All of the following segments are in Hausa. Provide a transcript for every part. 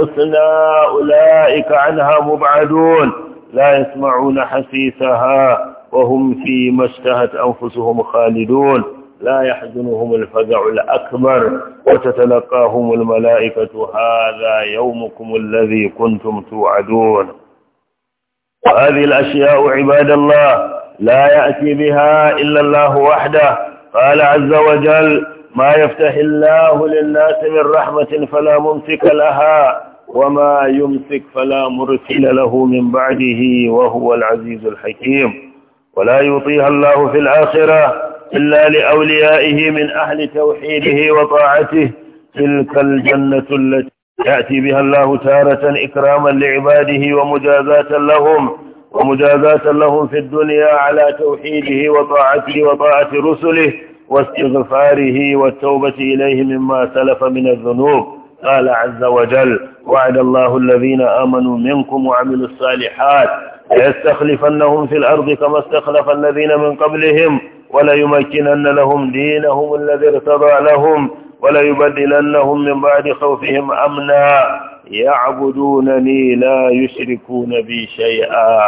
الحسنى أولئك عنها مبعدون لا يسمعون حسيسها وهم فيما اشتهت أنفسهم خالدون لا يحزنهم الفزع الأكبر وتتلقاهم الملائكة هذا يومكم الذي كنتم توعدون وهذه الأشياء عباد الله لا يأتي بها إلا الله وحده قال عز وجل ما يفتح الله للناس من رحمة فلا ممسك لها وما يمسك فلا مرسل له من بعده وهو العزيز الحكيم ولا يطيها الله في الآخرة إلا لأوليائه من أهل توحيده وطاعته تلك الجنة التي يأتي بها الله تارة إكراما لعباده ومجازاة لهم ومجازاة لهم في الدنيا على توحيده وطاعته وطاعة رسله واستغفاره والتوبة إليه مما سلف من الذنوب قال عز وجل وعد الله الذين آمنوا منكم وعملوا الصالحات ليستخلفنهم في الأرض كما استخلف الذين من قبلهم وليمكنن لهم دينهم الذي ارتضى لهم وليبدلنهم من بعد خوفهم أمنا يعبدونني لا يشركون بي شيئا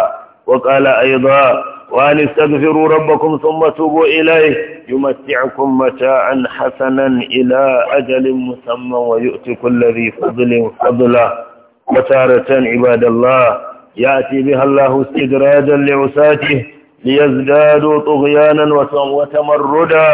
وقال أيضا وأن استغفروا ربكم ثم توبوا إليه يمتعكم متاعا حسنا إلى أجل مسمى ويؤتي كل ذي فضل فضلا وتارة عباد الله يأتي بها الله استدراجا لعساته ليزدادوا طغيانا وتمردا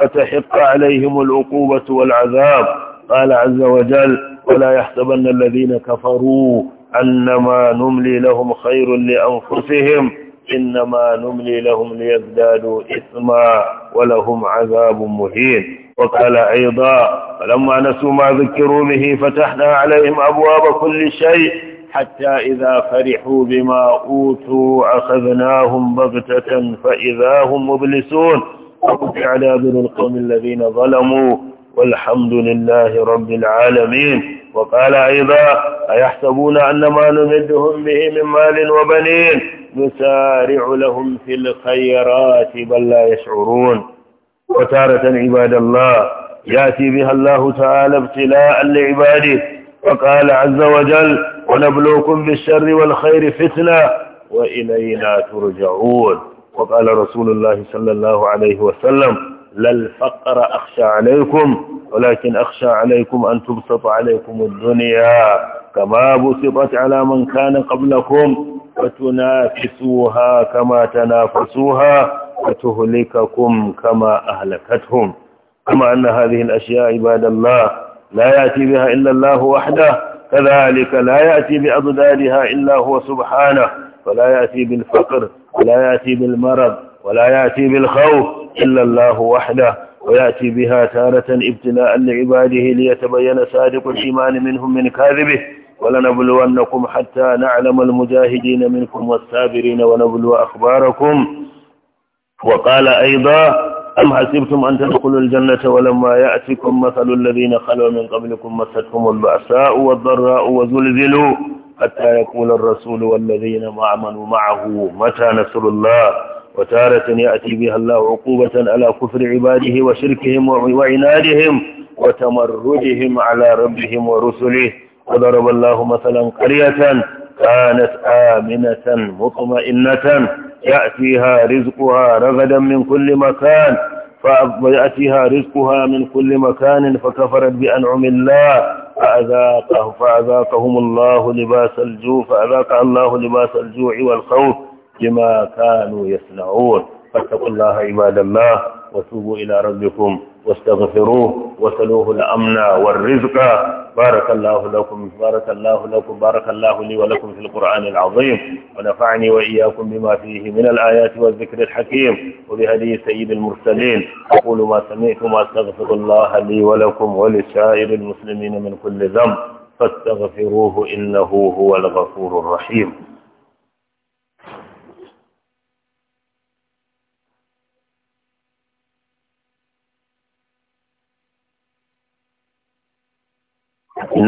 فتحق عليهم العقوبة والعذاب قال عز وجل ولا يحسبن الذين كفروا أنما نملي لهم خير لأنفسهم إنما نملي لهم ليزدادوا إثما ولهم عذاب مهين وقال أيضا فلما نسوا ما ذكروا به فتحنا عليهم أبواب كل شيء حتى إذا فرحوا بما أوتوا أخذناهم بغتة فإذا هم مبلسون على دابر القوم الذين ظلموا والحمد لله رب العالمين وقال أيضا أيحسبون أن ما نمدهم به من مال وبنين نسارع لهم في الخيرات بل لا يشعرون وتارة عباد الله يأتي بها الله تعالى ابتلاء لعباده وقال عز وجل ونبلوكم بالشر والخير فتنة وإلينا ترجعون وقال رسول الله صلى الله عليه وسلم لا الفقر أخشى عليكم ولكن أخشى عليكم أن تبسط عليكم الدنيا كما بسطت على من كان قبلكم وتنافسوها كما تنافسوها وتهلككم كما أهلكتهم كما أن هذه الأشياء عباد الله لا يأتي بها إلا الله وحده كذلك لا يأتي بأضدادها إلا هو سبحانه ولا يأتي بالفقر ولا يأتي بالمرض ولا يأتي بالخوف إلا الله وحده ويأتي بها تارة ابتلاء لعباده ليتبين صادق الإيمان منهم من كاذبه ولنبلونكم حتى نعلم المجاهدين منكم والصابرين ونبلو أخباركم وقال أيضا أم حسبتم أن تدخلوا الجنة ولما يأتكم مثل الذين خلوا من قبلكم مستهم البأساء والضراء وزلزلوا حتى يقول الرسول والذين آمنوا معه متى نصر الله وتارة يأتي بها الله عقوبة على كفر عباده وشركهم وعنادهم وتمردهم على ربهم ورسله وضرب الله مثلا قرية كانت آمنة مطمئنة يأتيها رزقها رغدا من كل مكان فيأتيها رزقها من كل مكان فكفرت بأنعم الله فأذاقه فأذاقهم الله لباس الجوع فأذاق الله لباس الجوع والخوف بما كانوا يصنعون فاتقوا الله عباد الله وتوبوا إلى ربكم واستغفروه وسلوه الأمن والرزق بارك الله لكم بارك الله لكم بارك الله لي ولكم في القرآن العظيم ونفعني وإياكم بما فيه من الآيات والذكر الحكيم وبهدي سيد المرسلين أقول ما سمعتم وأستغفر الله لي ولكم ولسائر المسلمين من كل ذنب فاستغفروه إنه هو الغفور الرحيم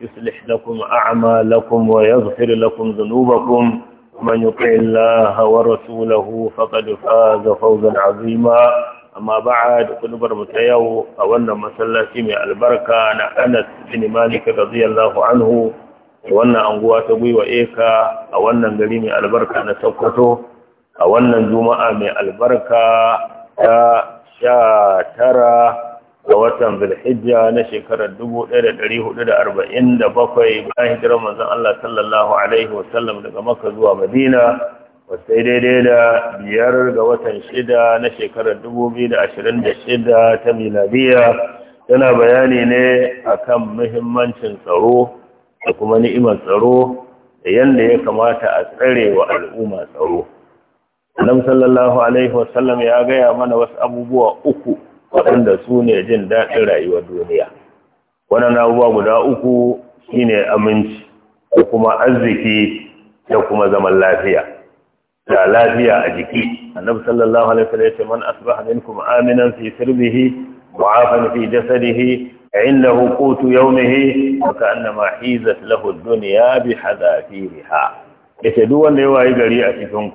يصلح لكم أعمالكم ويغفر لكم ذنوبكم من يطع الله ورسوله فقد فاز فوزا عظيما أما بعد كنبر متيو أولنا مسلسي من البركة أنا أنس بن مالك رضي الله عنه wannan anguwa ta gwiwa eka a wannan gari mai albarka na sokoto a wannan juma'a mai albarka ta sha tara ga watan zulhijja na shekarar 1447 bayan hijirar manzon Allah sallallahu alaihi sallam daga Makka zuwa Madina wasu daidai da biyar ga watan shida na shekarar 2026 ta miladiya tana bayani ne akan muhimmancin tsaro da kuma ni'imar tsaro da yadda ya kamata a tsare wa al'umma tsaro. Annabi sallallahu alaihi sallam ya gaya mana wasu abubuwa uku waɗanda su ne jin daɗin rayuwar duniya wannan abubuwa guda uku shine aminci da kuma arziki da kuma zaman lafiya da lafiya a jiki annabi sallallahu alaihi wasallam ya ce man asbaha minkum aminan fi sirbihi mu'afan fi jasadihi عنده قوت يومه وكأنما حيزت له الدنيا بحذافيرها yace duk wanda ya wayi gari a cikin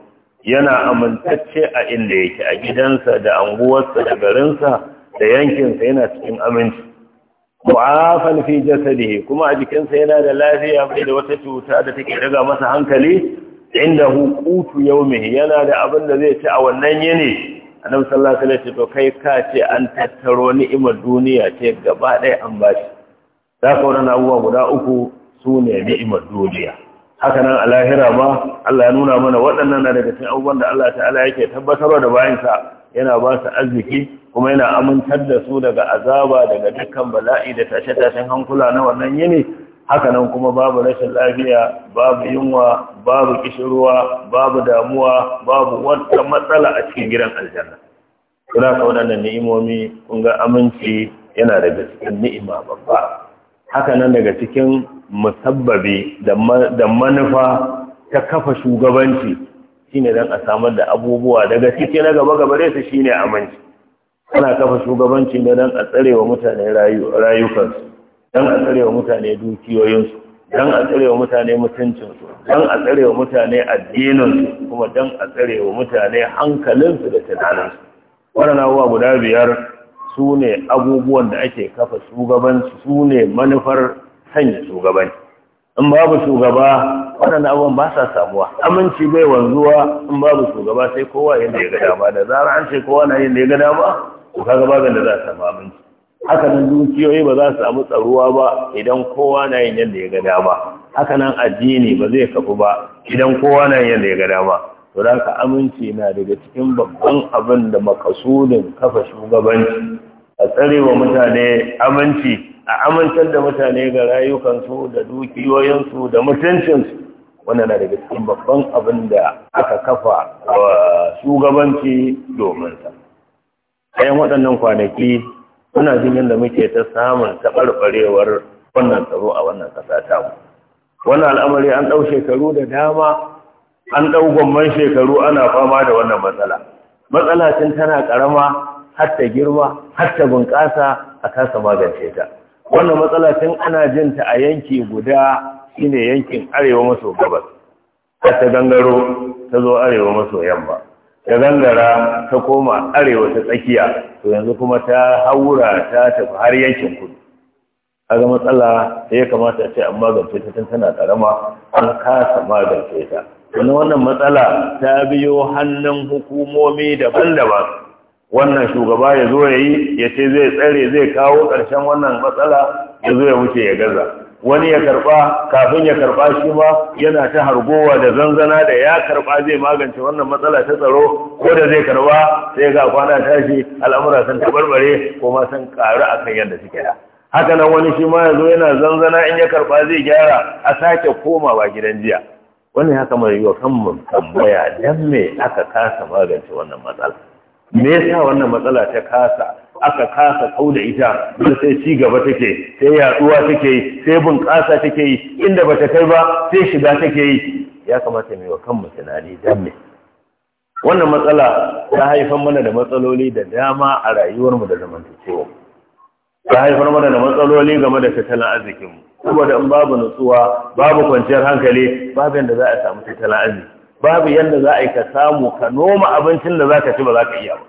yana amintacce a inda yake a gidansa da anguwarsa da garinsa da yankinsa yana cikin aminci mu'afan fi jasadihi kuma a jikinsa yana da lafiya bai da wata cuta da take daga masa hankali inda hukutu yaumihi yana da abin da zai ci a wannan yini annabi sallallahu alaihi wasallam to kai ka ce an tattaro ni'imar duniya ce gaba ɗaya an bashi za ka wannan abubuwa guda uku su ne ni'imar duniya haka nan a lahira ma Allah ya nuna mana waɗannan na daga cikin abubuwan da Allah ta'ala yake tabbatarwa da bayansa yana ba su arziki kuma yana amintar da su daga azaba daga dukkan bala'i da tashe-tashen hankula na wannan yini haka nan kuma babu rashin lafiya babu yunwa babu kishirwa babu damuwa babu wata matsala a cikin gidan aljanna kuna ka waɗannan ni'imomi kun ga aminci yana daga cikin ni'ima babba haka nan daga cikin musabbabi da manufa ta kafa shugabanci shine dan a samar da abubuwa daga cikin na gaba gaba resa su shine aminci ana kafa shugabanci ne don a tsarewa mutane rayukansu don a tsarewa mutane dukiyoyinsu don a tsarewa mutane mutuncinsu don a tsarewa mutane addininsu kuma don a tsarewa mutane hankalinsu da tunaninsu waɗannan abubuwa guda biyar su ne abubuwan da ake kafa shugabanci su ne manufar sanya shugaba ne in babu shugaba waɗannan abubuwan ba sa samuwa aminci bai wanzuwa in babu shugaba sai kowa da ya ga dama da zara an ce kowa na da ya ga dama to kaga babu da za a samu aminci haka nan dukiyoyi ba za su samu tsaruwa ba idan kowa na yin yadda ya ga dama haka nan addini ba zai kafu ba idan kowa na yin yadda ya ga dama to da haka aminci na daga cikin babban abin da makasudin kafa shugabanci a tsarewa mutane aminci a amintar da mutane ga rayukansu da dukiyoyinsu da mutuncinsu wannan na daga cikin babban abin da aka kafa wa shugabanci domin ta. bayan waɗannan kwanaki muna jin yadda muke ta samun taɓarɓarewar wannan tsaro a wannan ƙasa ta mu wannan al'amari an ɗau shekaru da dama an ɗau gwamman shekaru ana fama da wannan matsala matsala tun tana ƙarama har ta girma har ta bunƙasa a kasa magance ta wannan matsala tun ana jin ta a yanki guda shine yankin arewa maso gabas ta gangaro ta zo arewa maso yamma ta gangara ta koma arewa ta tsakiya to yanzu kuma ta haura ta tafi har yankin kudu kaga matsala da ya kamata a ce an magance ta tun tana karama an kasa magance ta wannan wannan matsala ta biyo hannun hukumomi daban-daban wannan shugaba ya zo ya yi ya ce zai tsare zai kawo ƙarshen wannan matsala ya zo ya wuce ya gaza wani ya karɓa kafin ya karɓa shi ma yana ta hargowa da zanzana da ya karɓa zai magance wannan matsala ta tsaro ko da zai karɓa sai ga kwana tashi al'amura sun tabarbare ko ma sun ƙaru akan yadda suke da haka nan wani shi ma ya zo yana zanzana in ya karɓa zai gyara a sake komawa gidan jiya Wani ya kamar yi wa kan tambaya dan me aka kasa magance wannan matsala me yasa wannan matsala ta kasa aka kasa kau da ita don sai ci gaba take sai yaduwa take yi sai bunƙasa take yi inda bata kai ba sai shiga take yi ya kamata mai wa kanmu tunani dan me wannan matsala ta haifar mana da matsaloli da dama a rayuwarmu da zamantakewa ta haifar mana da matsaloli game da tattalin arzikinmu saboda in babu nutsuwa babu kwanciyar hankali babu yadda za a samu tattalin arziki babu yadda za a yi ka samu ka noma abincin da za ka ci ba za ka iya ba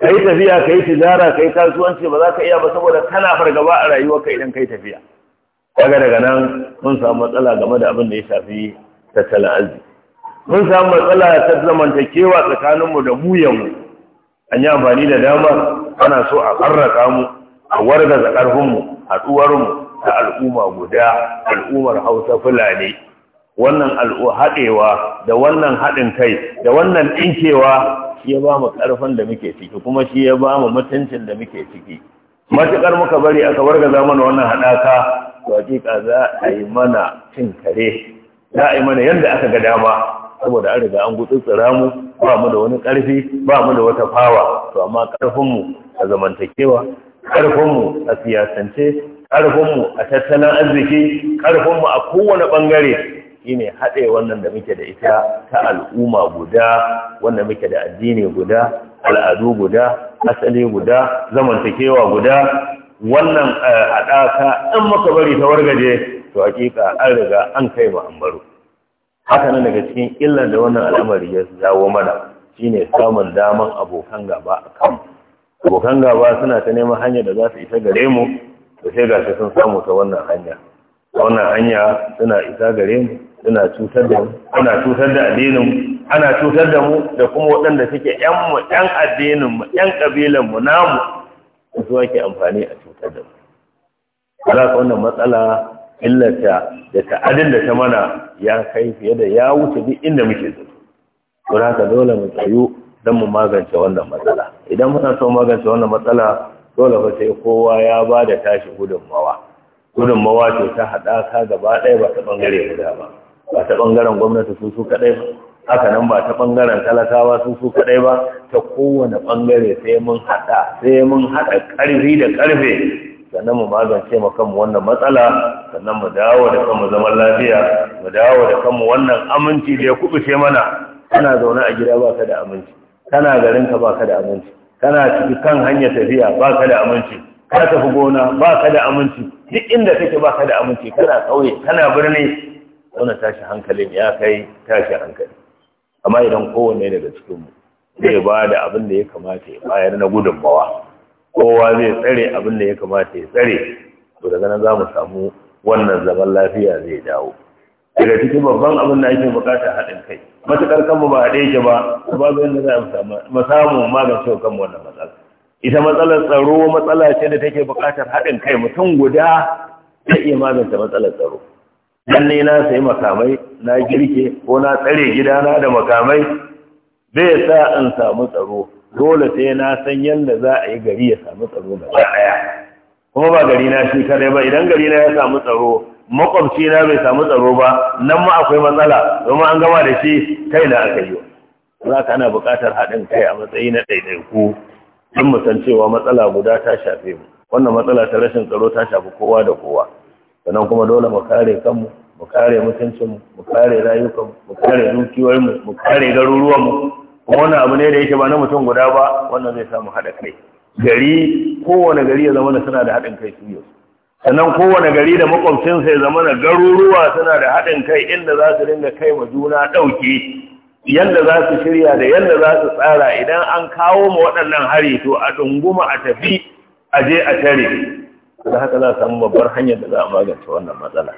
ka yi tafiya ka yi tijara ka yi kasuwanci ba za ka iya ba saboda kana fargaba a rayuwar ka idan ka yi tafiya daga daga nan mun samu matsala game da abin da ya shafi tattalin arziki mun samu matsala ta zamantakewa tsakaninmu da mu yamu an yi amfani da dama ana so a karraka mu a wargaza ƙarfinmu a tsuwarmu ta al'umma guda al'ummar hausa fulani wannan haɗewa da wannan haɗin kai da wannan ɗinkewa shi ya ba mu ƙarfin da muke ciki kuma shi ya ba mu mutuncin da muke ciki matuƙar muka bari aka warga zamani wannan haɗaka to hakika za a yi mana cin kare za a yi mana yadda aka ga dama saboda an riga an gudu mu ba mu da wani ƙarfi ba mu da wata fawa to amma mu a zamantakewa mu a siyasance mu a tattalin arziki ƙarfin mu a kowane ɓangare shine haɗe wannan da muke da ita ta al'umma guda wanda muke da addini guda al'adu guda asali guda zamantakewa guda wannan eh, haɗaka ɗan maka bari ta wargaje to hakika an riga an kai mu an haka nan daga cikin illar da wannan al'amari ya zawo mana shine samun daman abokan gaba a kan abokan gaba suna ta neman hanyar da za su isa gare mu to sai ga sun samu ta wannan hanya wannan hanya suna isa gare mu suna cutar da mu ana cutar da addinin ana cutar da mu da kuma waɗanda suke ƴan mu ƴan addinin mu ƴan kabilan namu su ake amfani a cutar da mu ala ka wannan matsala illata da ta'adin da ta mana ya kai fiye da ya wuce duk inda muke zato don haka dole mu tsayu don mu magance wannan matsala idan muna so magance wannan matsala dole ba sai kowa ya ba da tashi gudunmawa gudunmawa ce ta haɗaka gaba ɗaya ba ta ɓangare guda ba ba ta bangaren gwamnati su su kadai ba haka nan ba ta bangaren talakawa su su kadai ba ta kowane bangare sai mun hada sai mun hada karfi da karfe sannan mu magance mu kanmu wannan matsala sannan mu dawo da kanmu zaman lafiya mu dawo da kanmu wannan aminci da ya kubuce mana kana zaune a gida ba ka da aminci kana garin ka ba da aminci kana ciki kan hanyar tafiya ba ka da aminci ka tafi gona ba da aminci duk inda take baka da aminci kana kauye kana birni wannan tashi hankalin ya kai tashi hankali amma idan kowanne daga cikinmu zai ba da abin da ya kamata ya bayar na gudunmawa kowa zai tsare abin da ya kamata ya tsare to daga nan za mu samu wannan zaman lafiya zai dawo daga cikin babban abin da ake bukata haɗin kai matuƙar kanmu ba ɗaya ke ba babu yadda za mu samu magance wa kanmu wannan matsala ita matsalar tsaro matsala ce da take buƙatar haɗin kai mutum guda zai iya magance matsalar tsaro lalle na sayi makamai na girke ko na tsare gidana da makamai zai sa in samu tsaro dole sai na san yadda za a yi gari ya samu tsaro da ɗaya kuma ba gari na shi kadai ba idan gari na ya samu tsaro makwabci na bai samu tsaro ba nan ma akwai matsala domin an gama da shi kai na aka yi za ka ana buƙatar haɗin kai a matsayi na ɗaiɗaiku in mu cewa matsala guda ta shafe mu wannan matsala ta rashin tsaro ta shafi kowa da kowa sannan kuma dole mu kare kanmu mu kare mutuncinmu mu kare rayukanmu mu kare dukiyoyinmu mu kare garuruwanmu kuma wannan abu ne da yake ba na mutum guda ba wannan zai samu haɗa kai gari kowane gari ya zama suna da haɗin kai suyo sannan kowane gari da makwabcinsa ya zama garuruwa suna da haɗin kai inda za su ringa kai ma juna ɗauki yadda za su shirya da yadda za su tsara idan an kawo ma waɗannan hari to a ɗunguma a tafi a je a tare da haka za a samu babbar hanyar da za a magance wannan matsala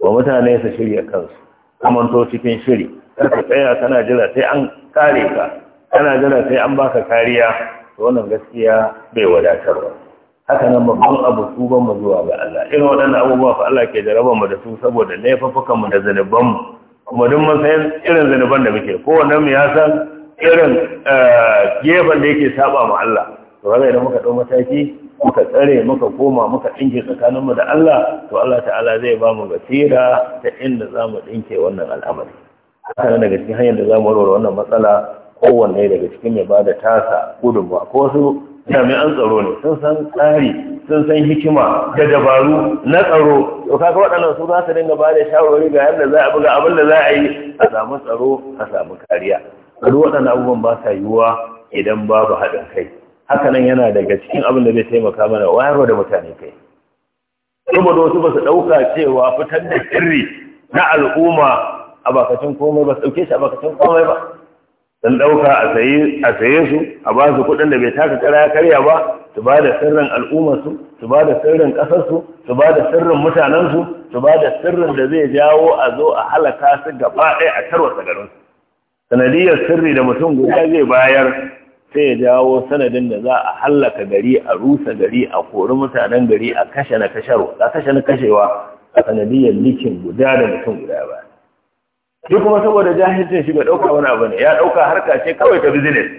wa mutane su shirya kansu kamanto cikin shiri kar ka tsaya kana jira sai an kare ka kana jira sai an baka kariya to wannan gaskiya bai wadatarwa haka nan babban abu ban mu zuwa ga Allah irin waɗannan abubuwa fa Allah ke jaraban mu da su saboda laifafukan mu da zanuban mu kuma duk mun san irin zanuban da muke kowanne mu ya san irin eh, gefen da yake saba ma Allah to kaga idan muka dau mataki muka tsare muka koma muka ɗinke tsakaninmu da Allah to Allah ta'ala zai ba mu basira ta inda za mu ɗinke wannan al'amari haka daga cikin hanyar da za mu warware wannan matsala kowanne daga cikin mai ba da tasa gudunmuwa ko su jami'an tsaro ne sun san tsari sun san hikima da dabaru na tsaro to kaga waɗannan su za su dinga ba da shawarwari ga yadda za a buga abin da za a yi a samu tsaro a samu kariya duk waɗannan abubuwan ba sa yiwuwa idan babu haɗin kai haka nan yana daga cikin abin da zai taimaka mana wayarwa da mutane kai saboda wasu ba su ɗauka cewa fitar da sirri na al'umma a bakacin komai ba su ɗauke shi a bakacin komai ba don ɗauka a saye su a ba su kuɗin da bai taka kara ya karya ba su ba da sirrin al'ummarsu su ba da sirrin ƙasarsu su ba da sirrin mutanensu su ba da sirrin da zai jawo a zo a halaka su gaba ɗaya a tarwasa garinsu sanadiyar sirri da mutum guda zai bayar sai ya jawo sanadin da za a hallaka gari a rusa gari a kori mutanen gari a kashe na kasharwa a kashe na kashewa a sanadiyar likin guda da mutum guda ba shi kuma saboda jahilcin shi ga ɗauka wani abu ne ya ɗauka harka ce kawai ta bizines.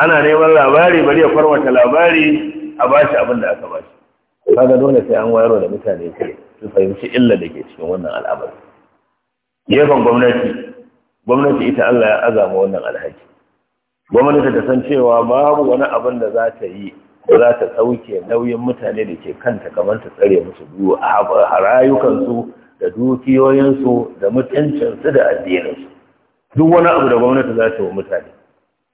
ana neman labari bari ya farwata labari a bashi abin da aka bashi kaga dole sai an wayarwa da mutane kai su fahimci illa da ke cikin wannan al'amari gefen gwamnati gwamnati ita Allah ya azama wannan alhaji gwamnati da san cewa babu wani abin da za ta yi da za ta sauke nauyin mutane da ke kanta kamar ta tsare musu biyu a rayukansu da dukiyoyinsu da mutuncinsu da addininsu duk wani abu da gwamnati za ta yi mutane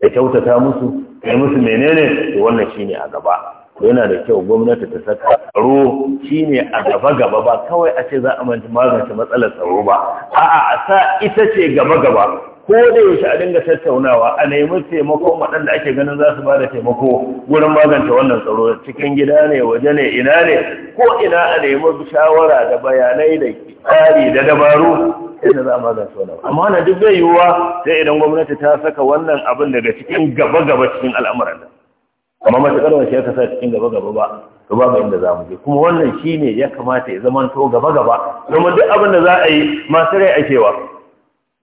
da kyautata musu da musu menene da wannan ne a gaba yana da kyau gwamnati ta saka tsaro shi ne a gaba gaba ba kawai a ce za a manta magance matsalar tsaro ba a'a a sa ita ce gaba gaba ko da yaushe a dinga tattaunawa a nemi taimakon waɗanda ake ganin za su ba da taimako wurin magance wannan tsaro cikin gida ne waje ne ina ne ko ina a nemi shawara da bayanai da tsari da dabaru yadda za a maganta wannan amma na duk zai yiwuwa sai idan gwamnati ta saka wannan abin daga cikin gaba-gaba cikin al'amuran nan amma matuƙar wace ya kasa cikin gaba-gaba ba to babu inda za mu je kuma wannan shine ya kamata ya zama to gaba-gaba domin duk abin da za a yi masu rai cewa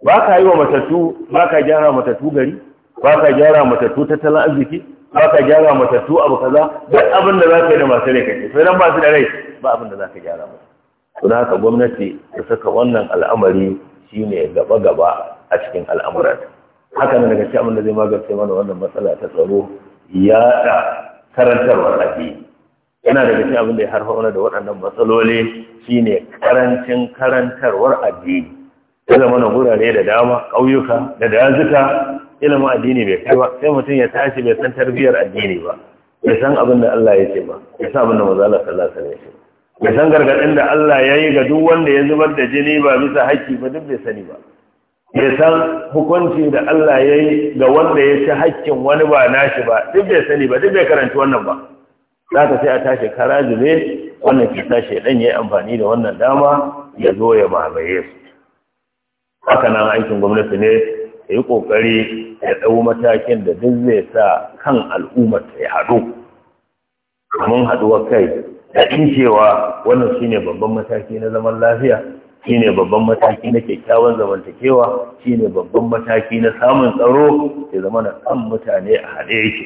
ba ka yi wa matattu ba ka gyara matattu gari ba ka gyara matattu tattalin arziki ba ka gyara matattu abu kaza duk abin da za ka yi da masu rai kake sai dan ba su da rai ba abin da za ka gyara musu don haka gwamnati ta saka wannan al'amari shine gaba gaba a cikin al'amuran haka ne daga cikin abin zai magance mana wannan matsala ta tsaro ya da karantarwar addini yana daga cikin abin da ya harfa mana da waɗannan matsaloli shine karancin karantarwar addini ya mana wurare da dama ƙauyuka da dazuka ilimin addini bai kai ba sai mutum ya tashi bai san tarbiyyar addini ba bai san abin da Allah ya ce ba bai san abin da manzo Allah sallallahu alaihi wasallam bai san gargadin da Allah ya yi ga duk wanda ya zubar da jini ba bisa haƙƙi ba duk bai sani ba bai san hukunci da Allah ya yi ga wanda ya ci haƙƙin wani ba nashi ba duk bai sani ba duk bai karanci wannan ba za ka sai a tashi karaji wannan ke tashi ya yi amfani da wannan dama ya zo ya mamaye su haka aikin gwamnati ne ya yi ƙoƙari ya ɗau matakin da duk zai sa kan al'ummar ta ya haɗu mun haɗuwar kai da in cewa wannan shine babban mataki na zaman lafiya shine babban mataki na kyakkyawan zamantakewa shine babban mataki na samun tsaro ya zama na kan mutane a haɗe yake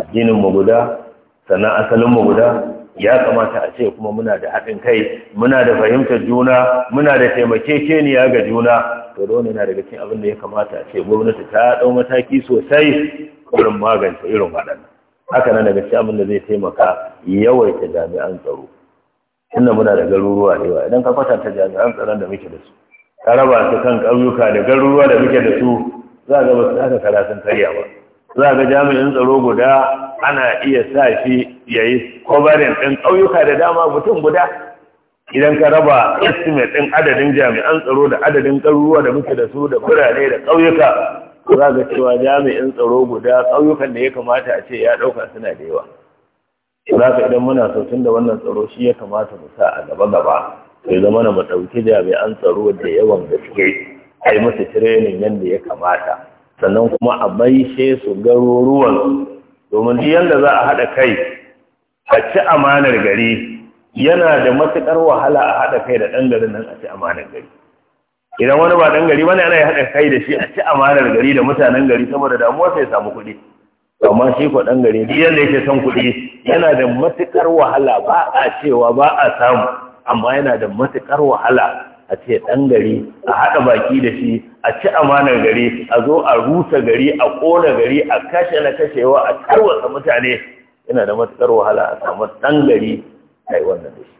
addinin mu guda sannan asalin mu guda ya kamata a ce kuma muna da haɗin kai muna da fahimtar juna muna da taimakekeniya ga juna to wani daga cikin abin da ya kamata a ce gwamnati ta ɗau mataki sosai wurin magance irin waɗannan haka nan daga cikin abin da zai taimaka yawaita jami'an tsaro tunda muna da garuruwa da yawa idan ka kwatanta jami'an tsaron da muke da su ka raba su kan ƙauyuka da garuruwa da muke da su za ga ba su haka karatun karya ba za ga jami'in tsaro guda ana iya sa shi ya yi kovarin ɗin ƙauyuka da dama mutum guda idan ka raba estimate ɗin adadin jami'an tsaro da adadin ƙaruruwa da muke da su da birane da ƙauyuka za ga cewa jami'in tsaro guda ƙauyukan da ya kamata a ce ya ɗauka suna da yawa za ka idan muna tun da wannan tsaro shi ya kamata mu sa a gaba gaba ya zama na mu ɗauki jami'an tsaro da yawan gaske a yi musu training yadda ya kamata sannan kuma a baishe su garuruwan domin duk yanda za a haɗa kai a ci amanar gari yana da matuƙar wahala a haɗa kai da ɗan garin nan a ci amanar gari idan wani ba ɗan gari wani ana haɗa kai da shi a ci amanar gari da mutanen gari saboda damuwa sai samu kuɗi amma shi ko ɗan gari duk yadda yake son kuɗi yana da matuƙar wahala ba a cewa ba a samu amma yana da matuƙar wahala a ce ɗan gari a haɗa baki da shi a ci amanar gari a zo a rusa gari a ƙona gari a kashe na kashewa a tarwasa mutane yana da matuƙar wahala a samu ɗan gari a yi wannan da shi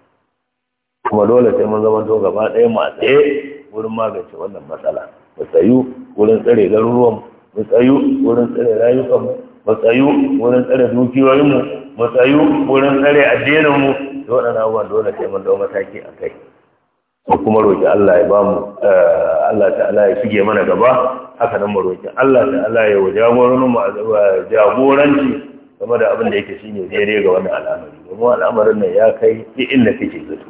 kuma dole sai mun zama to gaba ɗaya ma tsaye wurin magance wannan matsala mu tsayu wurin tsare garuruwan mu tsayu wurin tsare rayukan mu tsayu wurin tsare dukiyoyinmu mu tsayu wurin tsare addininmu da waɗannan abubuwan dole sai mun zama mataki a kai mu kuma roƙi Allah ya bamu eh, Allah ta'ala ya shige mana gaba haka nan mu roki Allah ta'ala ya jagoran mu jagoranci game da abin da yake shine daidai ga wannan al'amari domin al'amarin nan ya kai duk inda kake zato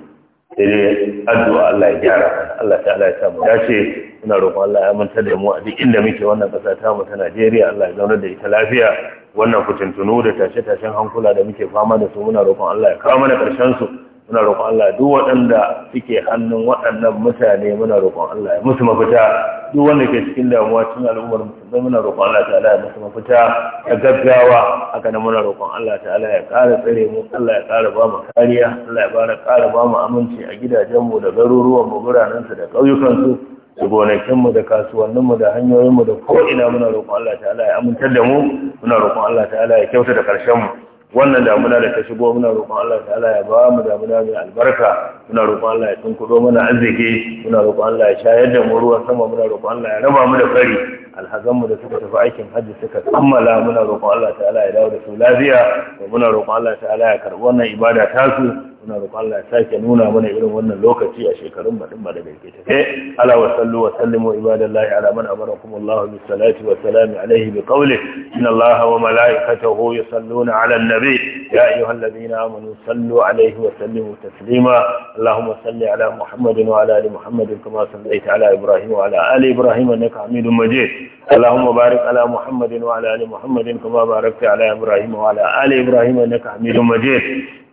sai addu'a Allah ya gyara Allah ta'ala ya samu dace ina roƙon Allah ya mantar da mu a duk inda muke wannan kasa ta mu ta Najeriya Allah ya zaunar da ita lafiya wannan fitintunu da tashe-tashen hankula da muke fama da su muna roƙon Allah ya kawo mana ƙarshen su muna roƙon Allah duk waɗanda suke hannun waɗannan mutane muna roƙon Allah ya musu mafita duk wanda ke cikin damuwa cikin al'ummar musulmai muna roƙon Allah ta'ala ya musu mafita ya gaggawa haka na muna roƙon Allah ta'ala ya ƙara tsare mu Allah ya ƙara ba mu kariya Allah ya bara ƙara ba mu aminci a gidajenmu da garuruwan garuruwanmu biranensu da ƙauyukansu da gonakinmu da kasuwanninmu da hanyoyinmu da ina muna roƙon Allah ta'ala ya amintar da mu muna roƙon Allah ta'ala ya kyauta da mu wannan damuna da ta shigo muna roƙon Allah ta'ala ya ba mu damuna mai albarka muna roƙon Allah ya tunkudo mana arziki muna roƙon Allah ya shayar da mu ruwa sama muna roƙon Allah ya raba mu da fari alhazanmu da suka tafi aikin hajji suka kammala muna roƙon Allah ta'ala ya dawo da su lafiya muna roƙon Allah ta'ala ya karɓi wannan ibada tasu muna roƙon Allah ya sake nuna mana irin wannan lokaci a shekarun baɗin ba da gaske ta kai ala wa sallu wa sallimu ibadallahi ala man kuma Allah bi salati wa salami alayhi bi qawli inna Allah wa malaikatahu yusalluna ala nabi ya ayyuhalladhina amanu sallu alayhi wa sallimu taslima Allahumma salli ala Muhammadin wa ala ali Muhammadin kama sallaita ala Ibrahim wa ala ali Ibrahim innaka Hamidum Majid Allahumma barik ala Muhammadin wa ala ali Muhammadin kama barakta ala Ibrahim wa ala ali Ibrahim innaka Hamidum Majid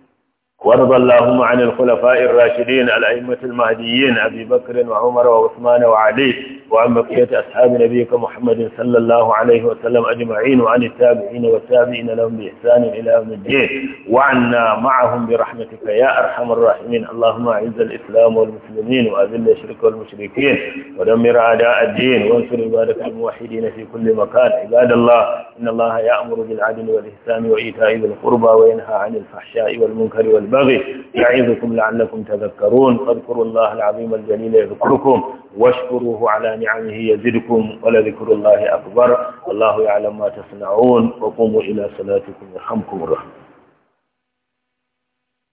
وارض اللهم عن الخلفاء الراشدين الأئمة المهديين أبي بكر وعمر وعثمان وعلي وعن بقية أصحاب نبيك محمد صلى الله عليه وسلم أجمعين وعن التابعين والتابعين لهم بإحسان إلى يوم الدين وعنا معهم برحمتك يا أرحم الراحمين اللهم أعز الإسلام والمسلمين وأذل الشرك والمشركين ودمر أعداء الدين وانصر عبادك الموحدين في كل مكان عباد الله إن الله يأمر بالعدل والإحسان وإيتاء ذي القربى وينهى عن الفحشاء والمنكر وال البغي يعظكم لعلكم تذكرون فاذكروا الله العظيم الجليل يذكركم واشكروه على نعمه يزدكم ولذكر الله أكبر الله يعلم ما تصنعون وقوموا إلى صلاتكم يرحمكم الرحمن